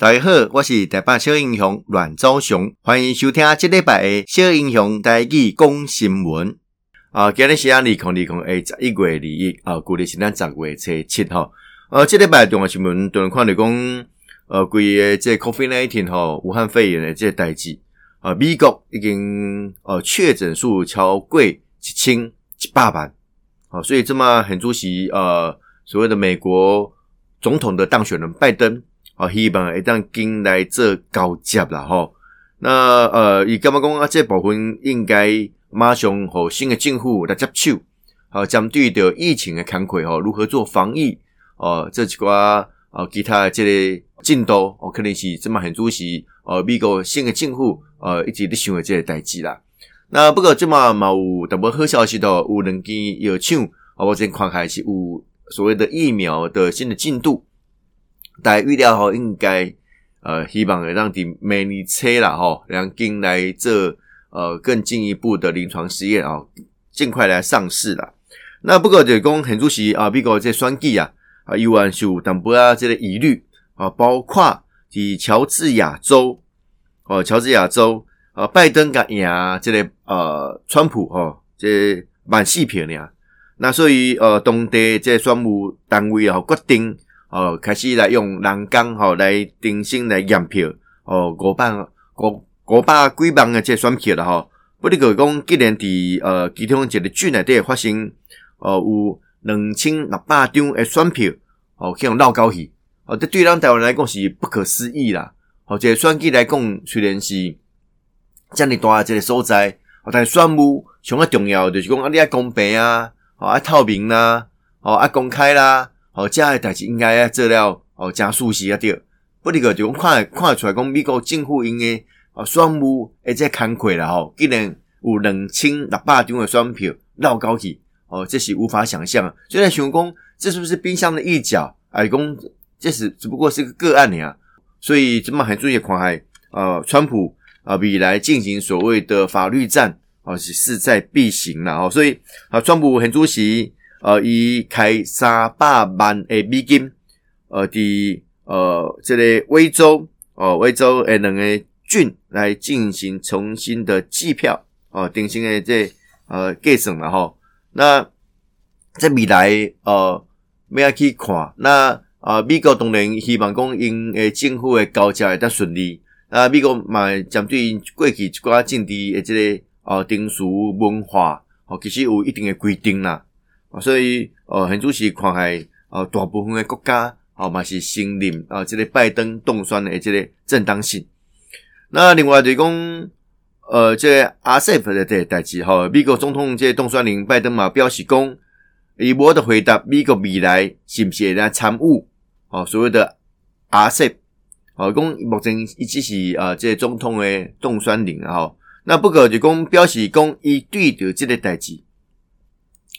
大家好，我是台北小英雄阮昭雄，歡迎收聽啊，這禮拜嘅小英雄台語講新聞啊，今日是啊，二零二零誒，十一月二十一啊，舊曆是咱十月十七號，呃、啊啊，這禮拜重要新聞，多人看嚟講，呃，關於即個 Covid nineteen，、啊、武漢肺炎的即個代志，啊，美國已經呃確診數超過一千一百萬，好、啊，所以這麼很主席，呃、啊，所謂的美國總統的當選人拜登。啊，希望一旦跟來做交接了吼。那呃，伊感覺講啊？這個、部分應該馬上和新的政府來接手。好、啊，針對着疫情的抗疫吼如何做防疫哦，這幾掛哦，其他的這個進度哦、啊，可能是這馬現拄是哦、啊，美國新的政府呃、啊，一直在想的這個代志啦。那不過這馬嘛有淡薄好消息的，有兩間藥廠，啊，目前看起來是有所謂的疫苗的新的進度。大預料吼，應該呃，希望會讓滴 many 車啦吼，兩經來做呃更進一步的臨床試驗啊，盡、哦、快來上市啦。那不過就是講現主席啊，美國這個選舉啊啊，有、啊、是有淡薄啊這個疑慮啊，包括以喬治亞州哦，喬、啊、治亞州啊，拜登甲伊這個呃、啊，川普吼、啊，這滿、個、撕票的啊。那所以呃、啊，當地這選務單位啊決定。哦，開始來用人工吼、哦、來重新來驗票哦，五百、五五百幾萬誒，即個選票了吼。不哩個講，既然佇呃其中一個區內底發生哦有兩千六百張誒選票哦，去哦，互鬧交去哦，對咱台灣來講是不可思議啦。哦，這個、選舉來講雖然是遮爾大一個所在，但是選務上較重要誒就是講阿哩阿公平啊，阿透明啦，阿、啊哦、公開啦、啊。哦，這樣的事情應該要做了哦，真熟悉啊！對，不，你個就講看，看得出來，講美國政府因該、啊、哦雙母，哎，這崩潰了哈！既然有兩千六百張的選票繞高起，哦，這是無法想象。所以，想講，這是不是冰箱的一角？哎、啊，講，這是只不過是個個案呀。所以很主席，怎麼還注意看？還啊，川普啊，未來進行所謂的法律戰，哦，是勢在必行了哦。所以，啊，川普很主席。呃，伊開三百萬誒美金，呃，佇呃即、這個威州，哦、呃，威州誒兩個郡來進行重新的計票，哦、呃，重新誒即呃計算了吼。那這未來，呃，要去看，那呃，美國當然希望講，因誒政府誒交接會較順利。啊，美國嘛，針對因過去一寡政治誒即、這個呃，定俗文化，哦、呃，其實有一定的規定啦。所以，呃，彭主席看係，呃，大部分的國家，哦、呃，嘛是承認，啊、呃，即、這個拜登當選的即個正當性。那另外就講，誒、呃，即、這、RCEP、個、的嘅個代志，好、呃，美國總統即當選人拜登嘛，表示講，伊無法度回答，美國未來是唔是會來參與，哦、呃，所謂的 RCEP、呃，哦，講目前，伊只是，啊、呃，即、這個、總統的當選人啊，那不過就講，表示講，伊對著即個代志。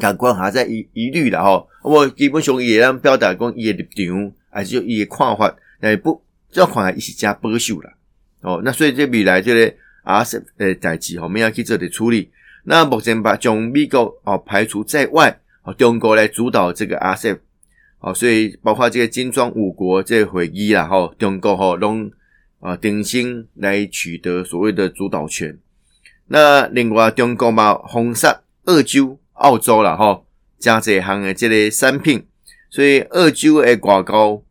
感官還在疑疑慮啦吼，我基本上伊會也表達講伊誒立場，還是伊誒看法，誒不，這款伊是誠保守啦。吼、哦。那所以這未來即個阿 s 誒代志吼，我們要去做着處理。那目前把將美國哦排除在外，哦，中國來主導這個阿 s e 哦，所以包括這個金磚五國這個、會議啦吼，中國吼攏啊定心來取得所謂的主導權。那另外中國嘛，封殺二九。澳洲了哈，加這行的這類產品，所以澳洲的外交，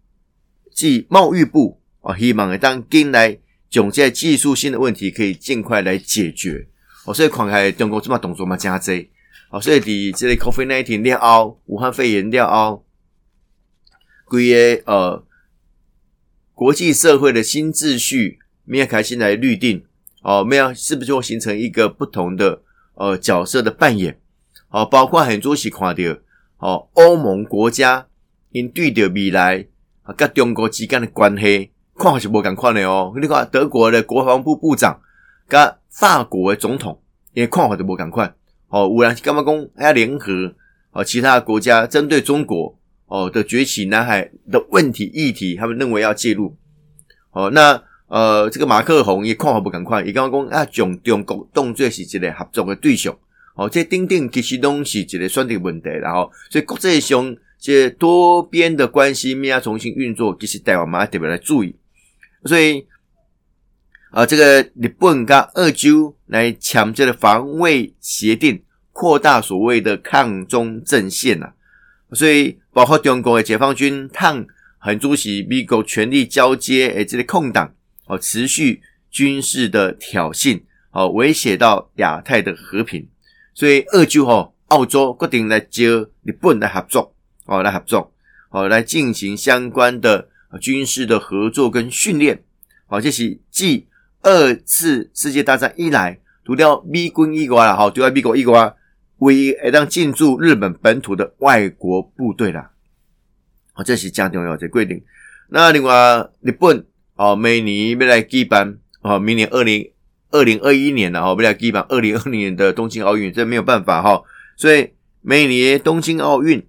暨貿易部啊、哦，希望也當今來總結技術性的問題，可以儘快來解決哦。所以，看且中國這麼動作嘛加這哦，所以你這類 COVID-19 掉凹，武漢肺炎掉凹，歸誒呃國際社會的新秩序，沒有開始來律定哦，沒、呃、有是不是會形成一個不同的呃角色的扮演？好、哦，包括很多是看到，哦，歐盟國家因對着未來啊，甲中國之間的關係，看法是無同款的哦。你看德國的國防部部長，甲法國的總統，也看法都無同款。哦，有人是干嘛講，要聯合哦，其他國家針對中國哦的崛起，南海的問題議題，他們認為要介入。哦，那呃，這個馬克龍也看法不同款，伊講話講啊，將中國當作是一個合作的對象。哦，這釘釘其實東西，一個算一問題的，然、啊、後，所以國際上這多邊的關係，咩重新運作，其實台灣嘛特別來注意。所以，啊，這個日本跟澳洲來搶這個防衛協定，擴大所謂的抗中陣線啊。所以，包括中國的解放軍抗很主席美國權力交接誒，這個空檔哦，持續軍事的挑釁，哦、啊，威脅到亞太的和平。所以澳洲吼、哦，澳洲決定來招日本來合作，哦來合作，哦來進行相關的軍事的合作跟訓練，好、哦、這是繼二次世界大戰以來，除掉美軍以外啦，除掉美國以外，唯一讓進駐日本本土的外國部隊啦，好、哦、這是將重要的這個、規定。那另外日本哦，每年來基哦，明年要來舉辦，哦明年二零。二零二一年了哈，為了舉辦二零二零年的東京奧運，這沒有辦法哈。所以每年的東京奧運，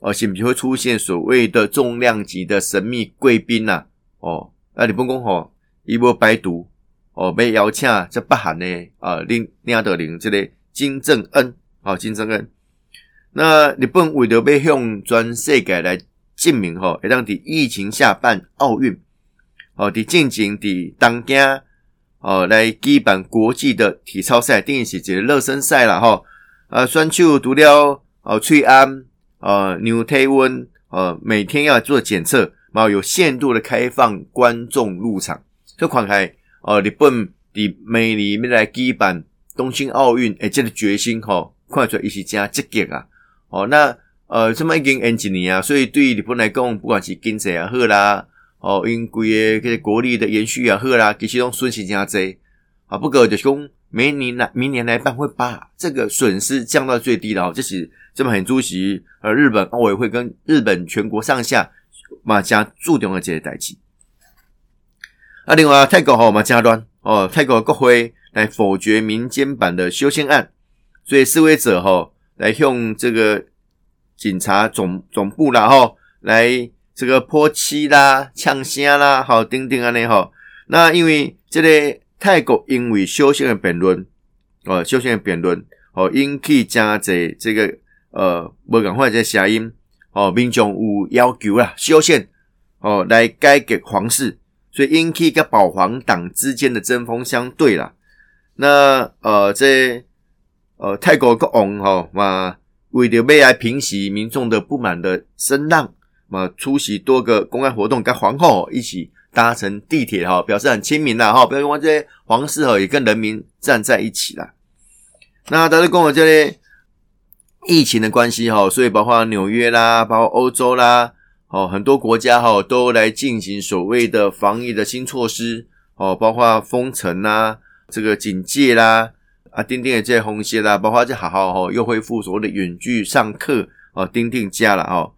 哦，是不是會出現所謂的重量級的神秘貴賓吶？哦，你不用公吼一波白毒哦，被邀請在北韓呢啊，領領導人這類、個、金正恩，好、哦、金正恩。那日本為着要向全世界來證明吼，讓你疫情下辦奧運，哦，你進行在東京。哦，來舉辦國際的體操賽，定是這個熱身賽了哈。呃，選手讀了呃翠安，呃，量體溫，呃，每天要做檢測，然後有限度的開放觀眾入場。這款台，呃，日本的明年，要來舉辦東京奧運，而這個決心吼，呃，看出來也是真積極啊。哦，那呃，這麼已經 N 幾年啊，所以對於日本來講，不管是經濟也好啦。哦，因為這個國力的延續也啊，好啦，其實攏損失加濟，啊，不過就是講，明年來，明年來辦會把這個損失降到最低了。哦，這是這麼很主席，呃，日本奧委會跟日本全國上下馬家注定這接代起。啊，另外泰國哈馬加端哦，泰國國會來否決民間版的修憲案，所以示威者吼，哦，來向這個警察總總部啦，哈，哦，來。這個潑漆啦，嗆聲啦，好，等等啊，按呢好，那因為這個泰國因為修憲的辯論，呃，哦，修憲的辯論，哦，引起誠濟這個呃，無敢快這聲音，哦，民眾有要求啊，修憲，哦，來改革皇室，所以引起跟保皇黨之間的針鋒相對啦。那呃，這呃，泰國國王吼、哦、嘛，為着要來平息民眾的不滿的聲浪。呃，出席多個公開活動，跟皇後一起搭乘地鐵哈，表示很親民啦哈，表示這些皇室也跟人民站在一起了。那到了跟我這裡，疫情的關係哈，所以包括紐約啦，包括歐洲啦，哦，很多國家哈都來進行所謂的防疫的新措施哦，包括封城啦，這個警戒啦，啊，釘釘的這些紅線啦，包括這好好又恢復所謂的遠距上課哦，釘釘加了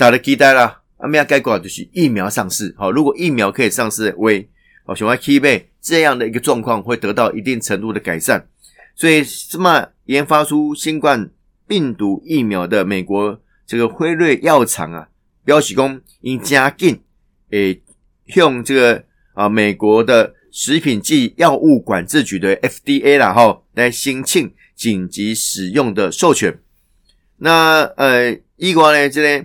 大家期待啦啊，沒有改過就是疫苗上市好，哦，如果疫苗可以上市，喂，哦，希望期待這樣的一個狀況會得到一定程度的改善。所以，這麼研發出新冠病毒疫苗的美國這個輝瑞藥廠啊，表示說，應加緊誒，用這個啊，美國的食品暨藥物管制局的 FDA 啦，吼，來申請緊急使用的授權。那呃，英國呢這邊。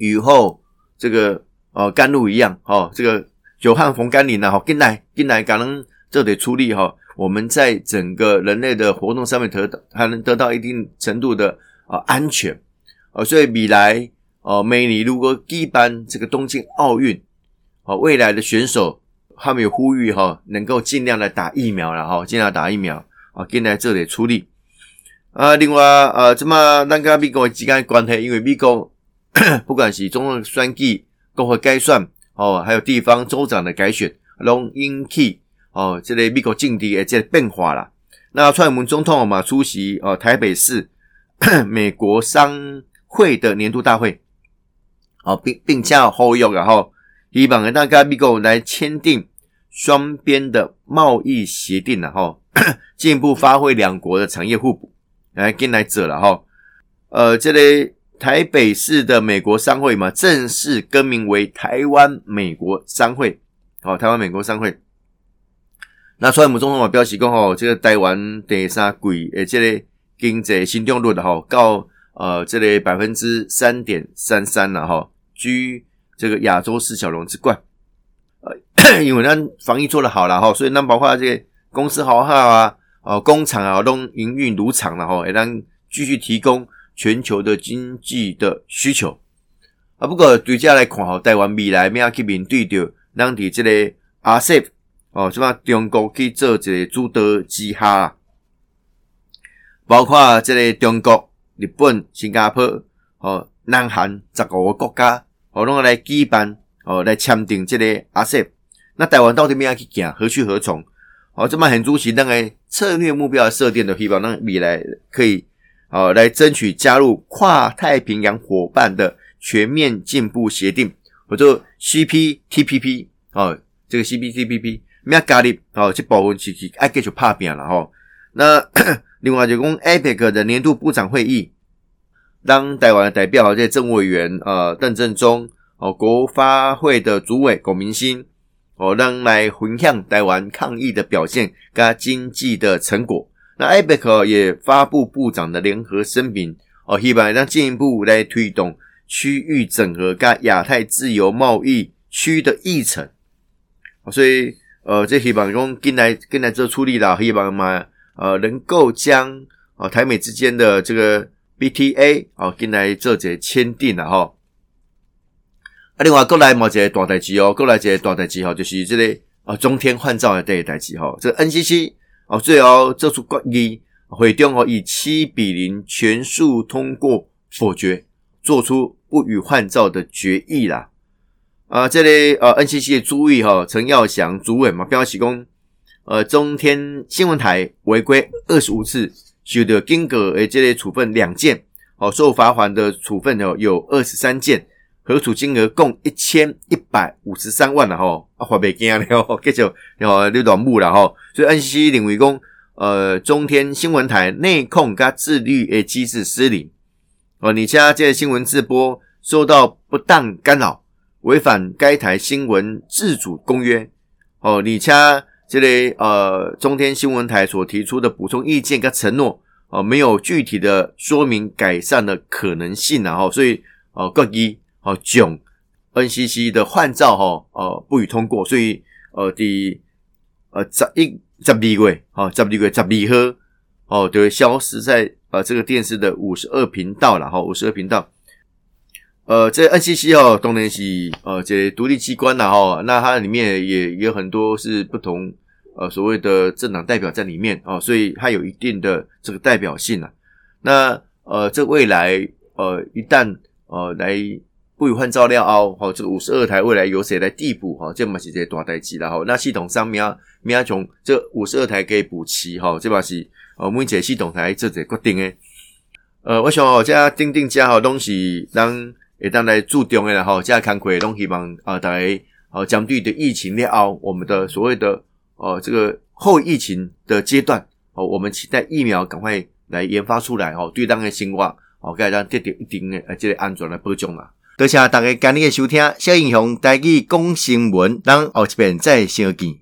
雨後，這個呃甘露一樣哦，這個久旱逢甘霖了，啊、哈。進來，進來，可能這得出力哈。我們在整個人類的活動上面得還能得到一定程度的啊安全呃，所以未來呃美尼如果舉辦這個東京奧運，啊，未來的選手他們有呼籲哈，能夠盡量的打疫苗了哈，盡量打疫苗啊，進來這得出力啊。另外呃這麼那個美國之間的關係，因為美國。 不管是總統選舉，國會改選，哦，還有地方州長的改選，龍英起哦這類美國政治這些變化了。那昨天我們總統嘛出席哦、呃、台北市、呃、美國商會的年度大會，好、哦、並並加好友然後希望跟大家跟美國來簽訂雙邊的貿易協定了哈，進、哦、一步發揮兩國的產業互補，來跟來者了哈、哦，呃這類。台北市的美國商會嘛，正式更名為台灣美國商會。好、喔，台灣美國商會。那出來我們總統嘛，表示過吼，這個台灣的三貴，這且嘞經濟動長的經濟成長率吼，高呃，這類百分之三點三三吶，吼、喔、居這個亞洲四小龍之冠。呃， 因為咱防疫做得好了吼、喔，所以那包括這些公司、好啊、哦、喔、工廠啊，都營運如常了吼，也咱繼續提供。全球的經濟的需求啊，不過對這來看吼，台灣未來咩去面對着咱佇這個 RCEP，哦，即嘛中國去做一個主導之下，包括這個中國、日本、新加坡、哦、南韓十五個國家，哦，攏來舉辦哦，來簽訂這個 RCEP。那台灣到底咩去行，何去何從？哦，即嘛很主席那個策略目標設定的希望，那未來可以。啊、哦，來爭取加入跨太平洋夥伴的全面進步協定，或者 CPTPP 啊、哦，這個 CPTPP 沒有咖喱啊，去保護自己，艾克就怕病了哈、哦。那另外就講 APEC 的年度部長會議，當台灣代表在政務委員啊，鄧振中哦，國發會的主委龔明鑫哦，讓來分享台灣抗疫的表現跟經濟的成果。那 APEC 也發佈部長的聯合聲明，哦，希望讓進一步來推動區域整合跟亞太自由貿易區的議程。所以呃，這希望用進來進來做出力啦，希望嘛，呃，能夠將哦台美之間的這個 BTA 哦近來做者簽訂了哈。啊，另外國內目些大代志哦，過來這些大代志哈，就是這類、個、啊，中天換照的這一代志哈，這個、NCC。哦，最後、哦、做出決議，會中哦以七比零全數通過否決，做出不予換照的決議啦。啊、呃，這類呃 NCC 的主委哈陳耀祥主委嘛，表示說，呃，中天新聞台違規二十五次，受到警告誒這類處分兩件，哦，受罰款的處分、哦、有二十三件。核儲金額共一千一百五十三萬了吼，啊發袂驚了吼，繼續，哦，你亂木了吼，所以 NCC 認為說，呃，中天新聞台內控加自律誒機制失靈，哦、呃，你家這些新聞直播受到不當干擾，違反該台新聞自主公約，哦、呃，你家這類、個、呃中天新聞台所提出的補充意見跟承諾，哦、呃，沒有具體的說明改善的可能性了吼、呃，所以，哦、呃，各低。好、哦，囧 NCC 的換照吼、哦，呃不予通過，所以呃的呃暫一位，閉櫃，好暫閉櫃暫二呵，哦，對消失在呃這個電視的五十二頻道了哈，五十二頻道，呃這 NCC 哦，當然是，呃這獨立機關啦，哈、哦，那它裡面也也有很多是不同呃所謂的政黨代表在裡面哦，所以它有一定的這個代表性啦。那呃這未來呃一旦呃來不予換照料哦，哈，這五十二台未來由誰來遞補？哈、哦，這不是在大代誌了哈、哦。那系統上面啊，沒有從這五十二台可以補齊哈，這把是呃問題個系統台做這決定的。呃，我想哦，這訂訂加好東西，當也當來注重的啦哈。這康桂東西幫啊，來呃，將對、哦、的疫情了哦，我們的所謂的呃這個後疫情的階段哦，我們期待疫苗趕快來研發出來哦，對當的新冠哦，給大家制定一定的這個安全來播種啊。多謝大家今日的收聽，小英雄台語講新聞，咱後一面再相見。